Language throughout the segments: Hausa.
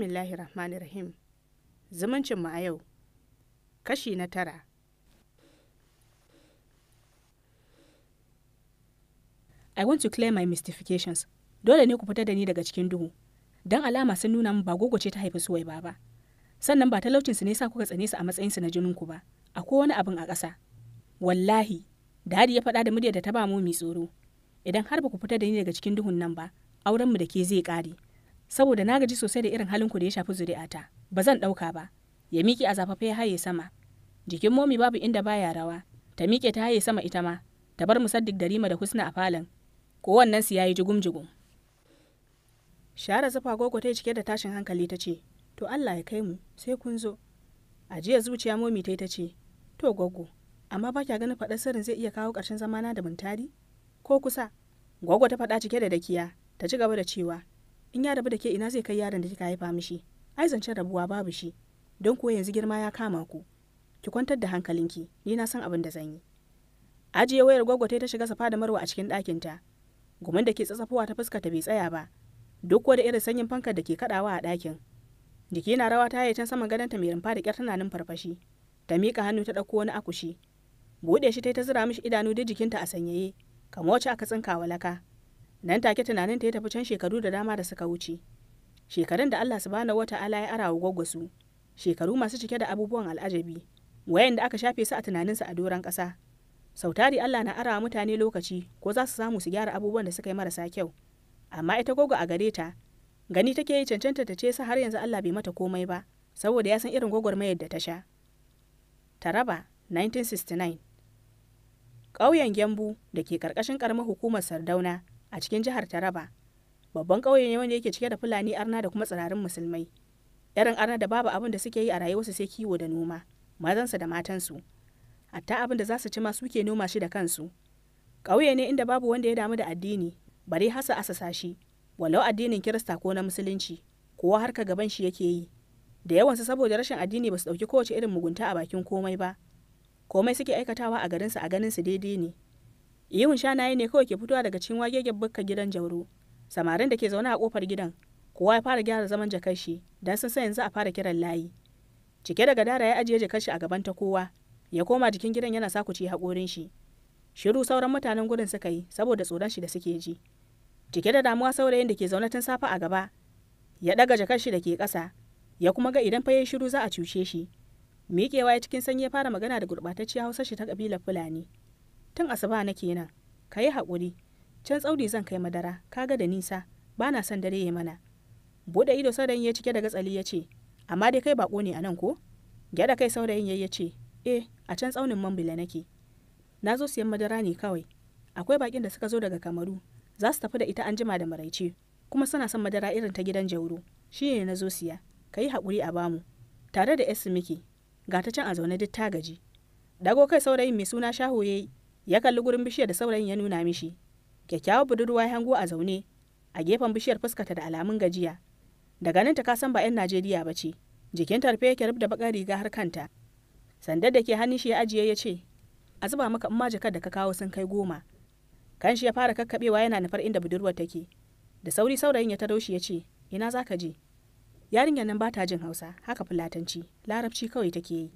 bismillahi rahmani rahim zumuncinmu a yau kashi na tara i want to clear my mystifications dole ne ku fita da ni daga cikin duhu don alama sun nuna min ba ce ta haifi suwai ba ba sannan ba talaucinsu ne sa kuka tsane su a matsayinsu na jininku ba akwai wani abin a ƙasa wallahi dadi ya faɗa da muryar da ta ba mu mai tsoro idan har ba ku fita da ni daga cikin duhun nan ba auren mu da ke zai ƙare saboda na gaji sosai da irin halinku da ya shafi ta ba zan ɗauka ba ya miƙe a zafafe ya haye sama jikin momi babu inda baya rawa ta miƙe ta haye sama ita ma ta bar musaddik da rima da husna a falon ko wannan su yayi jigum jigum shara zafa gogo ta cike da tashin hankali ta ce to Allah ya kai mu sai kun zo a jiya zuciya momi ta ta ce to gogo amma ba kya ganin faɗar sirrin zai iya kawo ƙarshen zamana da mintari ko kusa gogo ta faɗa cike da dakiya ta ci gaba da cewa in ya rabu da ke ina zai kai yaron da kika haifa mishi ai zancen rabuwa babu shi don kuwa yanzu girma ya kama ku ki kwantar da hankalinki ni na san abin da zan yi ajiye wayar gwaggwate ta shiga safa da marwa a cikin ɗakinta gumin da ke tsatsafowa ta fuska ta bai tsaya ba duk da irin sanyin fankar da ke kaɗawa a ɗakin jiki na rawa ta yi can saman gadon ta mai rumfa da ƙyar tana nan farfashi ta miƙa hannu ta ɗauko wani akushi buɗe shi ta yi ta zira mishi idanu da jikinta a sanyaye kamar wacce aka tsinka walaka nan take tunanin ta ya tafi can shekaru da dama da suka wuce shekarun da Allah subhanahu ta'ala ya arawa gwaggwasu su shekaru masu cike da abubuwan al'ajabi wayan da aka shafe su a tunaninsa a doron ƙasa sautari Allah na arawa mutane lokaci ko za su samu su gyara abubuwan da suka yi marasa kyau amma ita gogo a gare ta gani take yi cancanta ta ce sa har yanzu Allah bai mata komai ba saboda ya san irin gwagwarmayar da ta sha Taraba 1969 ƙauyen Gembu da ke ƙarƙashin ƙaramar hukumar Sardauna a cikin jihar Taraba. Babban ƙauye ne wanda yake cike da Fulani arna da kuma tsirarin musulmai. Yaran arna da babu abin da suke yi a rayuwarsu sai kiwo da noma, mazansa da matansu. Hatta abin da za su ci ma suke noma shi da kansu. Ƙauye ne inda babu wanda ya damu da addini, bare hasa asasa shi, walau addinin Kirista ko na Musulunci, kowa harka gaban shi yake yi. da yawansu saboda rashin addini ba su ɗauki kowace irin mugunta a bakin komai ba komai suke aikatawa a garinsu a ganin ganinsu daidai ne ihun shanaye ne kawai ke fitowa daga cikin wagegen gidan jauro samarin da ke zaune a kofar gidan kowa ya fara gyara zaman jakar shi dan sun san yanzu a fara kiran layi cike da gadara ya ajiye jakar a gaban ta kowa ya koma jikin gidan yana sa ku sakuci hakorin shi shiru sauran mutanen gurin suka yi saboda tsoron shi da suke ji cike da damuwa saurayin da ke zaune tun safa a gaba ya daga jakar da ke ƙasa ya kuma ga idan fa yayi shiru za a cuce shi miƙewa ya cikin sanyi ya fara magana da gurɓatacciyar hausa shi ta ƙabilar fulani tun asuba na kenan. ka yi haƙuri can tsauri zan kai madara Ka ga da nisa ba na son dare ya mana buɗe ido saurayin ya cike daga tsali ya ce amma dai kai baƙo ne a nan ko gyaɗa kai saurayin ya ce E, a can tsaunin mambila nake na zo siyan madara ne kawai akwai baƙin da suka zo daga kamaru za su tafi da ita an jima da maraice kuma suna son madara irin ta gidan jauro shi ne na zo siya ka yi haƙuri a bamu tare da yasu miki ga ta can a zaune duk ta gaji dago kai saurayin mai suna shaho ya yi ya kalli gurin bishiyar da saurayin ya nuna mishi kyakkyawar budurwa ya hango a zaune a gefen bishiyar fuskata da alamun gajiya da ta ka san ba 'yan najeriya ba ce jikin tarfe yake rubda bakar riga har kanta sandar da ke hannun shi ya ajiye ya ce a zuba maka in jakar da ka kawo sun kai goma kan shi ya fara kakkabewa yana nufar inda budurwar take da sauri saurayin ya taro shi ya ce ina za ka je yarinyar nan ba ta jin hausa haka fulatanci larabci kawai take yi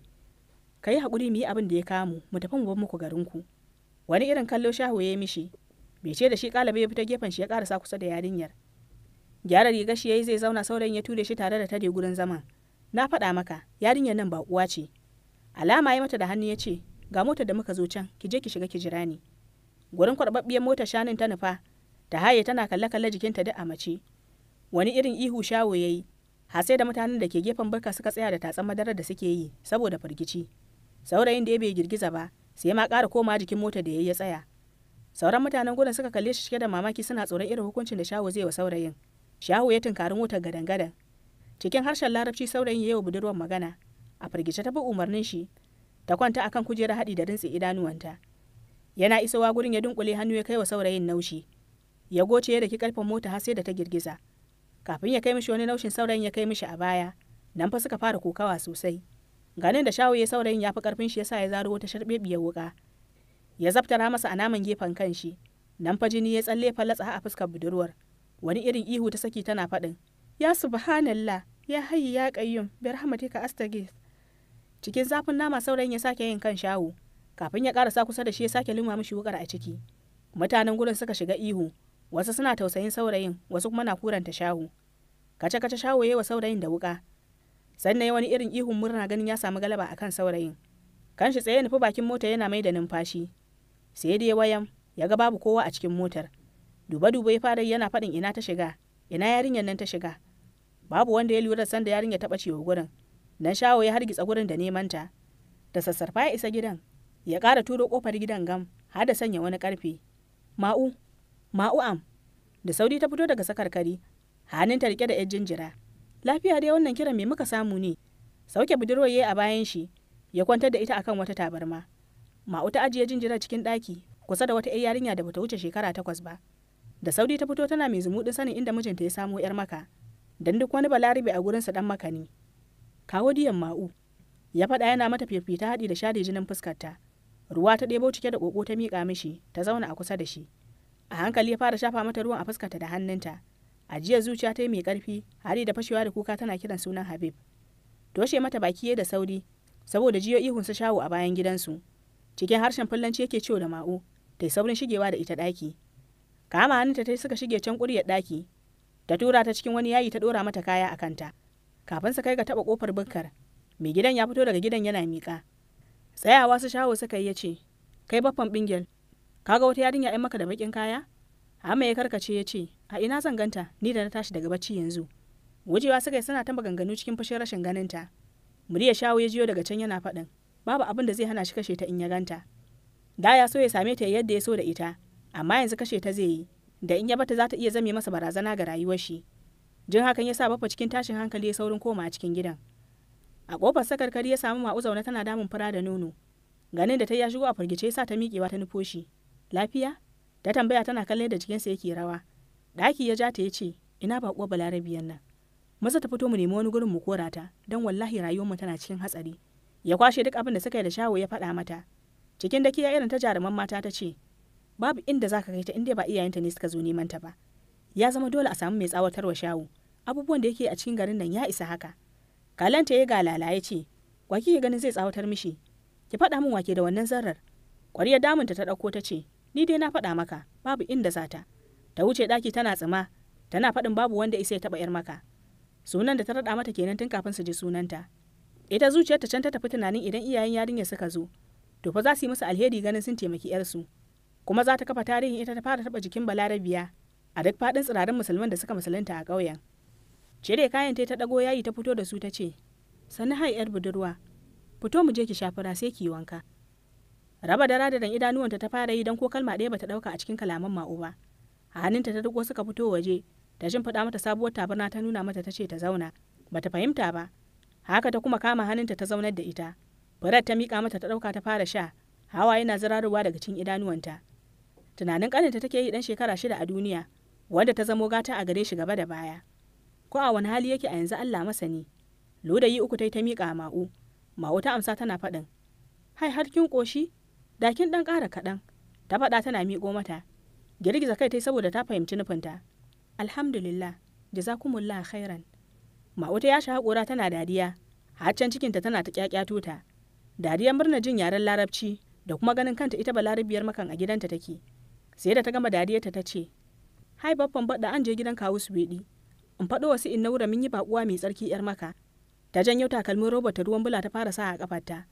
ka yi haƙuri mu yi abin da ya kamu mu tafi mu bar muku garinku wani irin kallo shahu ya yi mishi bai ce da shi kalabe ya fita gefen shi ya karasa kusa da yarinyar gyara rigar shi yayi zai zauna saurayin ya ture shi tare da tare gurin zaman na faɗa maka yarinyar nan ba uwa ce alama ya mata da hannu ya ce ga motar da muka zo can ki je ki shiga ki jira ni gurin kwarbabbiyar motar shanun ta nufa ta haye tana kalle kalle jikinta duk a mace wani irin ihu shawo yayi har sai da mutanen da ke gefen barka suka tsaya da tatsan madarar da suke yi saboda firgici saurayin da ya bai girgiza ba sai ma kara koma jikin mota da yayi ya tsaya sauran mutanen gurin suka kalle shi cike da mamaki suna tsoron irin hukuncin da Shaho zai wa saurayin Shaho ya tunkari motar gadan-gadan cikin harshen larabci saurayin ya yi wa budurwar magana a firgice ta bi umarnin shi ta kwanta akan kujerar haɗi da rintsi idanuwanta yana isowa gurin ya dunkule hannu ya kai wa saurayin naushi ya goce ya daki karfin mota har sai da ta girgiza kafin ya kai mishi wani naushin saurayin ya kai mishi a baya nan fa suka fara kokawa sosai ganin da shawo ya saurayin ya fi karfin shi yasa ya zaro wata sharbebiyar wuka ya zaftara masa a naman gefen kanshi nan fa jini ya tsalle falatsa a fuskar budurwar wani irin ihu ta saki tana faɗin ya subhanallah ya hayi ya qayyum bi rahmatika astagis cikin zafin nama saurayin ya sake yin kan shawo kafin ya karasa kusa da shi ya sake lima mishi wukar a ciki mutanen gurin suka shiga ihu wasu suna tausayin saurayin wasu kuma na kuranta shawo kace kace shawo yayi wa saurayin da wuka sannan wani irin ihun murna ganin ya samu galaba akan saurayin kanshi tsaye nufi bakin mota yana mai da numfashi sai dai wayan ya ga babu kowa a cikin motar duba duba ya fara yana faɗin ina ta shiga ina yarinyar nan ta shiga babu wanda ya lura sanda yarinyar ta wa gurin nan shawo ya hargitsa gurin da neman ta da sassarfa ya isa gidan ya ƙara turo ƙofar gidan gam har da sanya wani ƙarfe ma'u ma'u am da sauri ta fito daga sakarkari ta rike da 'yan jinjira lafiya dai wannan kiran me muka samu ne sauke ya yi a bayan shi ya kwantar da ita akan wata tabarma ma'u ta ajiye jinjira cikin ɗaki kusa da wata 'yar yarinya da bata wuce shekara takwas ba da saudi ta fito tana mai zumuɗin sanin inda mijinta ya samo 'yar maka dan duk wani balarabe a gurinsa dan maka ne kawo diyan ma'u ya faɗa yana mata fifita haɗi da shade jinin fuskarta ruwa ta ɗebo cike da ƙoƙo ta miƙa mishi ta zauna a kusa da shi a hankali ya fara shafa mata ruwan a fuskarta da hannunta ajiyar zuciya ta yi mai karfi hari da fashewa da kuka tana kiran sunan habib toshe mata baki da sauri saboda jiyo ihunsa shawo a bayan gidansu cikin harshen fullanci yake ciwo da ma'u ta yi saurin shigewa da ita ɗaki kama hannunta ta suka shige can ƙuryar ɗaki ta tura ta cikin wani yayi ta ɗora mata kaya a kanta kafin su kai ga taɓa ƙofar bukkar mai gidan ya fito daga gidan yana miƙa tsayawa su shawo suka yi ya ce kai baffan bingel kaga wata yarinya 'yan maka da baƙin kaya amma ya karkace ya ce a ina zan ganta ni da na tashi daga bacci yanzu wajewa suka yi suna ta maganganu cikin fashin rashin ganinta murya shawo ya jiyo daga can yana faɗin babu abin da zai hana shi kashe ta in ya ganta da ya so ya same ta yadda ya so da ita amma yanzu kashe ta zai yi da in ya bata za ta iya zame masa barazana ga rayuwar shi jin hakan ya sa bafa cikin tashin hankali ya saurin koma a cikin gidan a kofar sakarkari ya samu ma'uzauna tana damun fara da nono ganin da ta ya shigo a firgice ya sa ta miƙewa ta nufo lafiya ta tambaya tana kallon da jikinsa yake rawa Daki ya ja ta ya ce ina ba kuwa balarabiyan nan maza ta fito mu nemi wani gurin mu kora ta don wallahi rayuwar mu tana cikin hatsari ya kwashe duk abin da suka yi da shawo ya faɗa mata cikin da kiya irin ta jaruman mata ta ce babu inda zaka kai ta inda ba iyayenta ne suka zo neman ta ba ya zama dole a samu mai tsawatarwa shawo abubuwan da yake a cikin garin nan ya isa haka kalanta ya galala ya ce wa kike ganin zai tsawatar mishi ki faɗa min wake da wannan zarar damun damunta ta ɗauko ta ce ni dai na faɗa maka babu inda za ta ta wuce ɗaki tana tsima tana faɗin babu wanda isa ya taɓa yar maka sunan da ta raɗa mata kenan tun kafin su ji sunanta ita zuciyarta can ta tafi tunanin idan iyayen yarinyar suka zo to fa za su yi musu alheri ganin sun taimaki yarsu kuma za ta kafa tarihin ita ta fara taɓa jikin balarabiya a duk faɗin tsirarin musulman da suka musulunta a ƙauyen cire kayan ta ɗago yayi ta fito da su ta ce sani hai yar budurwa fito mu je ki shafira sai ki wanka raba da radaran idanuwanta ta fara yi don ko kalma ɗaya bata ɗauka a cikin kalaman ma'u ba a hannunta ta duko suka fito waje ta faɗa mata sabuwar tabarna ta nuna mata ta ce ta zauna bata fahimta ba haka ta kuma kama hannunta ta zaunar da ita Farat ta miƙa mata ta ɗauka ta fara sha, hawa yana zirarowa daga cikin idanuwanta. Tunanin ƙaninta take yi ɗan shekara shida a duniya, wanda ta zamo gata a gare shi gaba da baya. Ko a wani hali yake a yanzu Allah masani. Lodayi uku ta yi ta miƙa ma'u, ma'u ta amsa tana faɗin. Hai har kin ƙoshi? dakin kin ɗan ƙara kaɗan ta faɗa tana miƙo mata girgiza kai ta saboda ta fahimci nufinta alhamdulillah jazakumullah khairan ma'uta ya haƙura tana dariya haccan cikinta tana ta ƙyaƙyato ta dariyar murna jin yaren larabci da kuma ganin kanta ita balarabiyar makan a gidanta take sai da ta gama dariyarta ta ce hai babban baɗa an je gidan kawu suweɗi in faɗo wasu in naura mun yi baƙuwa mai tsarki yar maka ta janyo takalmin roba ta ruwan bula ta fara sa a kafarta.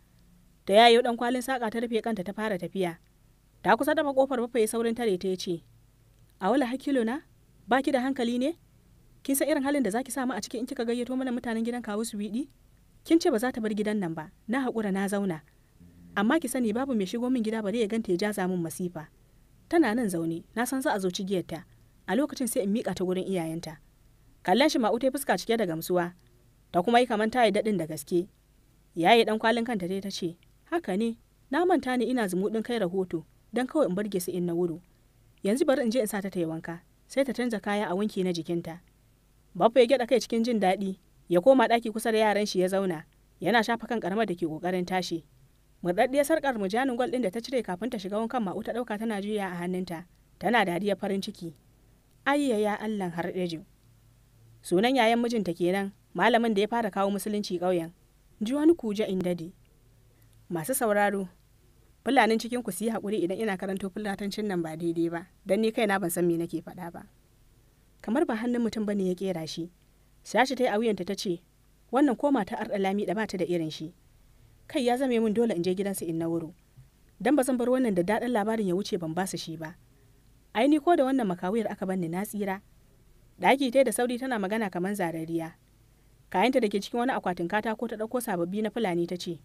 da yayo dan kwalin saka ta rufe kanta ta fara tafiya ta kusa dafa kofar bafa saurin tare ta ce a wala hakilo na baki da hankali ne kin san irin halin da zaki samu a cikin in kika gayyato mana mutanen gidan kawu su biɗi kin ce ba za ta bar gidan nan ba na hakura na zauna amma ki sani babu mai shigo min gida bare ya ganta ya jaza zamun masifa tana nan zaune na san za a zo cigiyarta a lokacin sai in mika ta gurin iyayenta kallon shi ma'u ta fuska cike da gamsuwa ta kuma yi kamar ta daɗin da gaske yayi dan kwalin kanta ta ce haka ne na manta ni ina zumuɗin kai rahoto don kawai in barge su in na wuro yanzu bari in je in sa ta ta yi wanka sai ta canza kaya a wanki na jikinta babu ya gyaɗa kai cikin jin daɗi ya koma ɗaki kusa da yaran shi ya zauna yana shafa kan karamar da ke ƙoƙarin tashi murɗaɗɗiyar sarƙar mujanin gwal ɗin da ta cire kafin ta shiga wankan ma'u ta ɗauka tana juya a hannunta tana dariya farin ciki ayya ya allan har daji sunan yayan mijinta kenan malamin da ya fara kawo musulunci ƙauyen ji wani kuje in dade masu sauraro fulanin cikin ku su yi haƙuri idan ina karanto fulatancin nan ba daidai ba don ni kaina ban san me nake faɗa ba kamar ba hannun mutum bane ya kera shi sashi ta yi a wuyanta ta ce wannan ko mata arɗa lami da bata da irin shi kai ya zame min dole in je gidansa in na wuro dan ba zan bar wannan da daɗin labarin ya wuce ban basu shi ba ai ni ko da wannan makawiyar aka banni na tsira ɗaki ta da sauri tana magana kamar zarariya kayanta da ke cikin wani akwatin katako ta ɗauko sababbi na fulani ta ce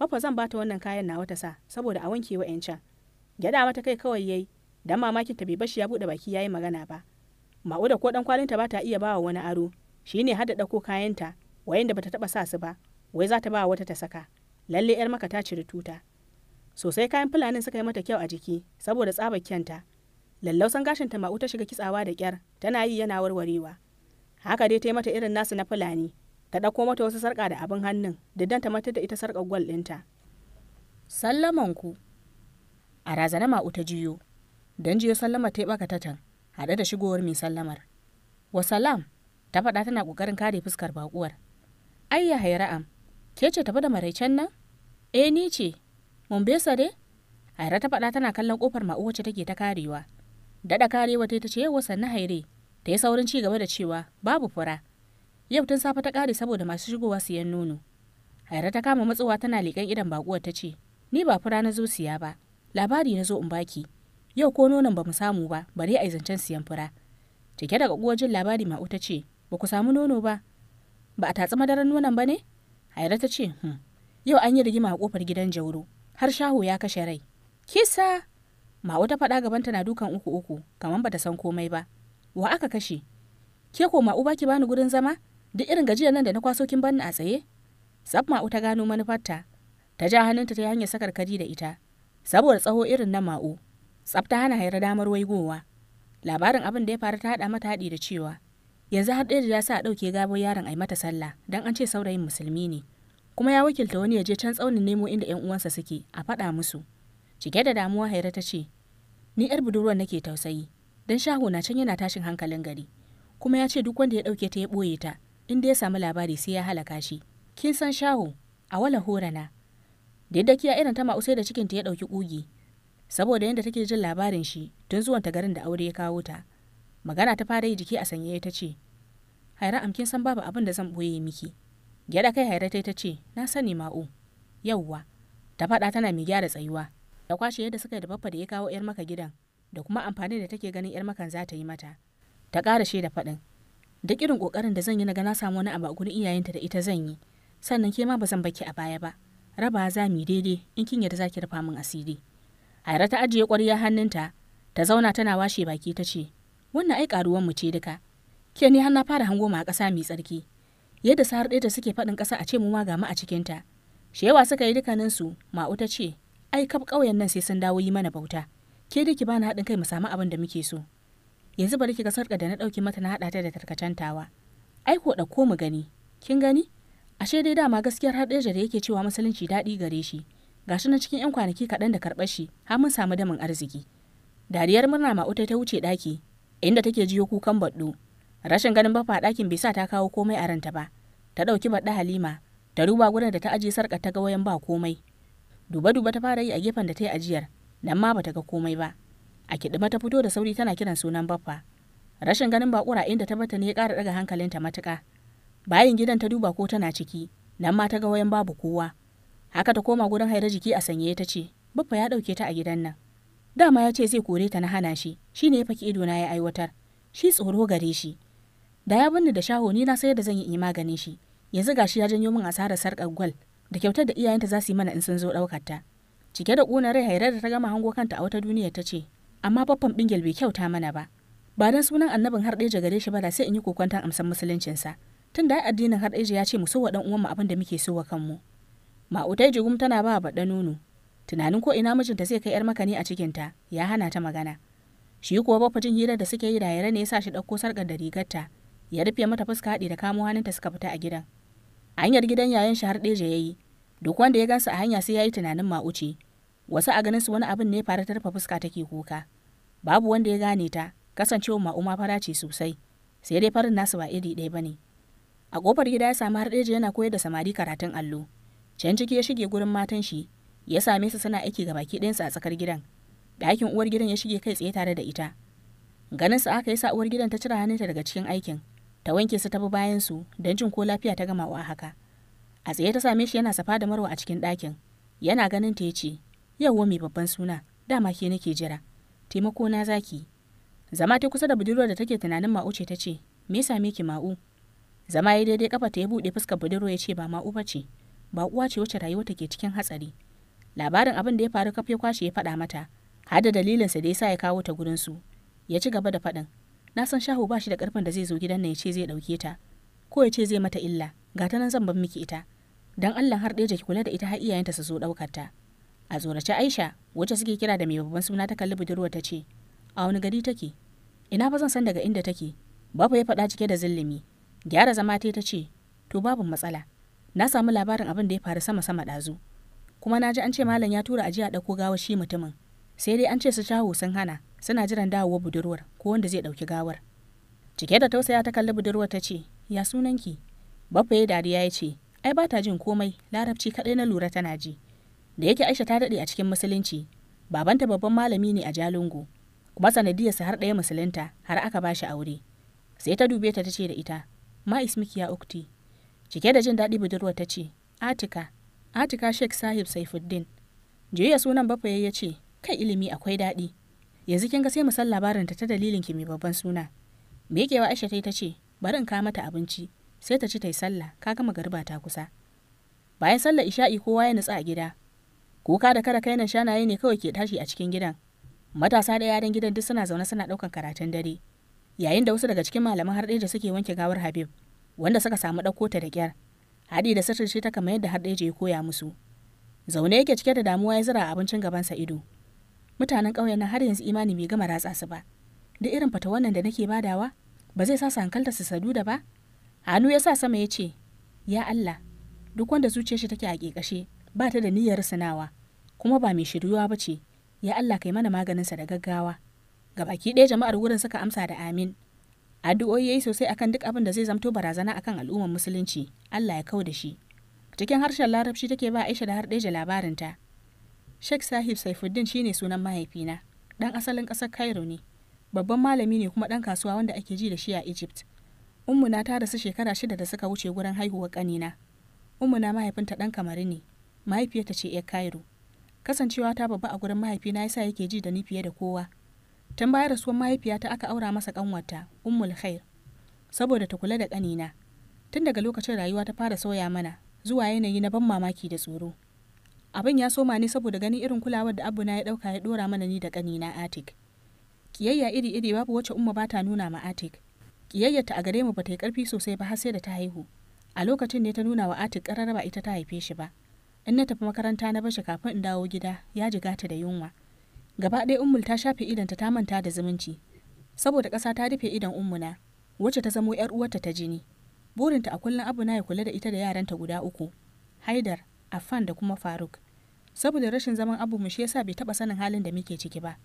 mafa zan bata wannan kayan na wata sa saboda a wanke wa yancan gyada mata kai kawai yayi dan mamakin ta bai bashi ya bude baki yayi magana ba ma'uda ko dan kwalinta ba ta iya bawa wani aro shi ne hada dako kayanta da bata taba sa su ba wai za ta ba wata ta saka lalle yar maka ta ciri tuta sosai kayan fulanin suka yi mata kyau a jiki saboda tsabar kyanta lallausan gashin ta ma'u ta shiga kitsawa da kyar tana yi yana warwarewa haka dai ta yi mata irin nasu na fulani ta ɗauko mata wasu sarƙa da abin hannun da dan ta matar da ita sarƙar gwal ɗinta. Sallaman ku. A razana ma'u ta jiyo. Don jiyo sallama ta yi ɓaka tatan haɗe da shigowar mai sallamar. Wa salam ta faɗa tana ƙoƙarin kare fuskar baƙuwar. Ai ya haira'am, ke ce tafi da maraicen nan? E, ni ce, mun besa dai? Haira ta faɗa tana kallon ƙofar ma'u wacce take ta karewa. Daɗa karewa ta ce wasan na haire, ta yi saurin ci gaba da cewa babu fura. yau tun safe ta kare saboda masu shigowa siyan nono haira ta kama matsowa tana leƙen idan baƙuwar ta ce ni ba fura na zo siya ba labari na zo in baki yau ko nonon ba mu samu ba bare a zancen siyan fura cike da kaguwar jin labari ma'u ta ce ba ku samu nono ba ba a tatsi madaran nonon ba ne haira ta ce hmm. yau an yi rigima a kofar gidan jauro har shaho ya kashe rai kisa ma'u ta faɗa gaban na dukan uku uku kamar bata san komai ba wa aka kashe ke ko ma'u baki bani gurin zama duk irin gajiyar nan da na kwaso kin banni a tsaye sabma'u ta gano manufarta ta ja hannunta ta hanyar sakar kari da ita saboda tsaho irin na ma'u tsafta hana haira damar waigowa labarin abin da ya faru ta haɗa mata haɗi da cewa yanzu har ɗaya ya sa a ɗauke gabo yaron a mata sallah don an ce saurayin musulmi ne kuma ya wakilta wani ya je can tsaunin nemo inda 'yan uwansa suke a faɗa musu cike da damuwa haira ta ce ni yar budurwar nake tausayi don shaho na can yana tashin hankalin gari kuma ya ce duk wanda ya dauke ta ya ɓoye ta inda ya samu labari sai ya halaka shi kin san shaho a wala horana da yadda kiya irin ta ma'usai da cikinta ya ɗauki ƙugi saboda yadda take jin labarin shi tun zuwan ta garin da aure ya kawo ta magana ta fara yi jiki a sanye ta ce haira amkin san babu abin da zan boye miki gyada kai haira ta ce na sani ma'u yauwa ta faɗa tana mai gyara tsayuwa da kwashe yadda suka yi da baffa da ya kawo yar maka gidan da kuma amfani da take ganin yar makan za ta yi mata ta ƙara da faɗin da irin kokarin da zan yi naga na samu wani abu a gurin iyayenta da ita zan yi sannan ke ma ba zan baki a baya ba raba za mu daidai in kin yarda zaki rufa min asiri Aira ta ajiye ƙwarya hannunta ta zauna tana washe baki ta ce wannan ai karuwan mu ce duka ke ni har na fara hango ma a ƙasa mai tsarki yadda sahar ɗaya da suke faɗin ƙasa a ce mu ma ga mu a cikin ta shewa suka yi dukanin su ma'u ta ce ai kaf ƙauyen nan sai sun dawo yi mana bauta ke dai ki bani haɗin kai mu samu abin da muke so yanzu bari ki ga sarƙa da na ɗauki mata na haɗa ta da tarkacen ai ko ɗauko mu gani kin gani ashe dai dama gaskiyar haɗeja da yake cewa musulunci daɗi gare shi ga shi na cikin 'yan kwanaki kaɗan da karɓar shi har mun samu damin arziki dariyar murna ma ta wuce ɗaki inda take jiyo kukan baɗɗo. rashin ganin bafa ɗakin bai sa ta kawo komai a ranta ba ta ɗauki baɗa halima ta ruba gurin da ta ajiye sarƙar ta ga wayan ba komai duba duba ta fara yi a gefen da ta yi ajiyar nan ma ba ta ga komai ba a kiɗima ta fito da sauri tana kiran sunan baffa rashin ganin bakura inda ta bata ne ya ƙara ɗaga hankalinta matuƙa bayan gidan ta duba ko tana ciki nan ma ta ga wayan babu kowa haka ta koma gurin haira jiki a sanye ta ce baffa ya ɗauke ta a gidan nan dama ya ce zai kore ta na hana shi shi ne ya faki ido na ya aiwatar shi tsoro gare shi da ya binne da shaho ni na sayar da zan yi maganin shi yanzu gashi ya janyo min asarar sarkar gwal da kyautar da iyayenta za su yi mana in sun zo ɗaukar ta cike da ƙunar rai hairar da ta gama hango kanta a wata duniya ta ce amma baffan bingel bai kyauta mana ba ba dan sunan annabin har ɗaya gare shi ba da sai in yi kokwantan amsan sa tun da addinin har ɗaya ya ce mu sowa dan mu abin da muke so wa kanmu ma'utai jigum tana ba baɗa nono tunanin ko ina mijinta zai kai yar makani a ta ya hana ta magana shi kuwa baffa jin hirar da suke yi da yare ne ya sa shi ɗauko sarƙar da rigarta ya rufe mata fuska haɗi da kamo hannunta suka fita a gidan a hanyar gidan yayan shi har ɗeje ya yi duk wanda ya gansa a hanya sai ya yi tunanin ma'uci wasu a ganin su wani abin ne fara tarfa fuska take kuka babu wanda ya gane ta kasancewa ma'uma fara ce sosai sai dai farin nasu ba iri ɗaya bane a kofar gida ya samu har ɗaya yana koyar da samari karatun allo can ciki ya shige gurin matan shi ya same su suna aiki ga baki ɗayansu a tsakar gidan ɗakin uwar gidan ya shige kai tsaye tare da ita ganin su aka yi sa uwar gidan ta cire hannunta daga cikin aikin ta wanke su ta bi bayan su don jin ko lafiya ta gama wa haka a tsaye ta same shi yana safa da marwa a cikin ɗakin yana ganin ta ya ce yawwa mai babban suna dama ke nake jira taimako na zaki zama ta kusa da budurwar da take tunanin ma'u ce ta ce me ya same ma'u zama ya daidai kafa ta ya buɗe fuskar budurwa ya ce ba ma'u ba ce ba uwa ce wacce rayuwa take cikin hatsari labarin abin da ya faru kaf ya kwashe ya faɗa mata har da dalilinsa da ya sa ya kawo ta gurin su ya ci gaba da faɗin na san shahu ba shi da karfin da zai zo gidan nan ya ce zai ɗauke ta ko ya ce zai mata illa ga ta nan zan bar miki ita dan Allah har ɗaya ki kula da ita har iyayenta su zo ɗaukar ta a tsorace aisha wacce suke kira da mai babban suna ta kalli budurwa ta ce a wani gari take ina ba zan san daga inda take babu ya faɗa cike da zillimi gyara zama ta ta ce to babu matsala na samu labarin abin da ya faru sama sama ɗazu kuma na ji an ce malam ya tura ajiya ɗauko gawar shi mutumin sai dai an ce su shaho sun hana suna jiran dawowa budurwar ko wanda zai ɗauki gawar cike da tausaya ta kalli budurwar ta ce ya sunanki Babu ya dariya ya ce ai ba ta jin komai larabci kaɗai na lura tana ji da yake aisha ta daɗe a cikin musulunci babanta babban malami ne a jalungu kuma sanadiyarsa har ɗaya musulunta har aka ba shi aure sai ta dube ta ce da ita ma ismiki ya ukti cike da jin daɗi budurwar ta ce atika atika sheikh sahib saifuddin juya sunan bafa ya ce kai ilimi akwai daɗi yanzu kin ga sai mu san labarin ta ta dalilin ki mai babban suna me yake wa aisha ta ce bari in kawo mata abinci sai ta ci ta yi sallah ka gama garba ta kusa bayan sallar isha'i kowa ya nutsa a gida kuka da kada nan shanaye ne kawai ke tashi a cikin gidan matasa da yaran gidan duk suna zaune suna ɗaukan karatun dare yayin da wasu daga cikin malaman har da suke wanke gawar habib wanda suka samu ɗauko ta da kyar haɗi da shi ta kamar yadda har ya koya musu zaune yake cike da damuwa ya zira abincin gabansa ido mutanen ƙauyen nan har yanzu imani bai gama ratsa su ba duk irin fata wannan da nake badawa ba zai sa su hankalta su sadu da ba hannu ya sa sama ya ce ya allah duk wanda zuciyar shi take a ƙeƙashe ba ta da niyyar sanawa kuma ba mai shiryuwa ba ce ya Allah kai mana maganinsa da gaggawa ga baki ɗaya jama'ar wurin suka amsa da amin addu'o'i yayi sosai akan duk abin da zai zamto barazana akan al'ummar musulunci Allah ya kau da shi cikin harshen larabci take ba Aisha da har ɗaya labarinta Sheikh Sahib Saifuddin shine sunan mahaifina dan asalin ƙasar Cairo ne babban malami ne kuma dan kasuwa wanda ake ji da shi a Egypt ummuna ta rasu shekara shida da suka wuce gurin haihuwar ƙanina ummuna mahaifinta dan kamari ne mahaifiyarta ce yar eh, Cairo. Kasancewa ta babba a gurin mahaifina yasa yake ji da ni fiye da kowa. Tun bayan rasuwar mahaifiyata aka aura masa kanwata Ummul Khair, saboda ta kula da kanina. Tun daga lokacin rayuwa ta fara sauya mana zuwa yanayi na ban mamaki da tsoro. Abin ya soma ni saboda ganin irin kulawar da abu na ya dauka ya dora mana ni da kanina Atik. Kiyayya iri-iri babu wacce umma bata nuna ma Atik. Kiyayyarta a gare mu bata yi karfi sosai ba har sai da ta haihu. A lokacin ne ta nuna wa Atik kararraba ita ta haife shi ba. in na tafi makaranta na bashi kafin in dawo gida ya jiga ta da yunwa gaba ɗaya ummul ta shafe idanta ta manta da zumunci saboda ƙasa ta rufe idan ummuna wacce ta zamo yar uwarta ta jini burinta a kullum abu na ya kula da ita da yaranta guda uku haidar afan da kuma faruk saboda rashin zaman abu mu shi yasa bai taɓa sanin halin da muke ciki ba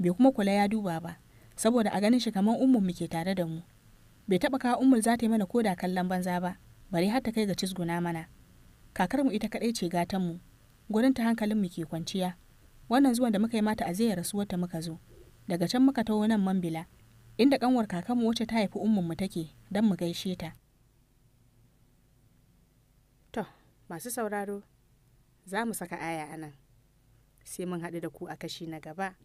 bai kuma kula ya duba ba saboda a ganin shi kamar ummun muke tare da mu bai taɓa kawo ummul za ta yi mana koda kallon banza ba bari har ta kai ga cizguna mana kakarmu ita kaɗai ce gatanmu gurin ta hankalinmu ke kwanciya wannan zuwan da muka yi mata a zai rasuwar ta muka zo daga can muka taho nan mambila inda kanwar kakanmu wacce ta haifi ummanmu take don mu gaishe ta to masu sauraro za mu saka aya a nan sai mun haɗu da ku a kashi na gaba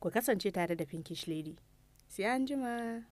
ku kasance tare da pinkish lady sai an jima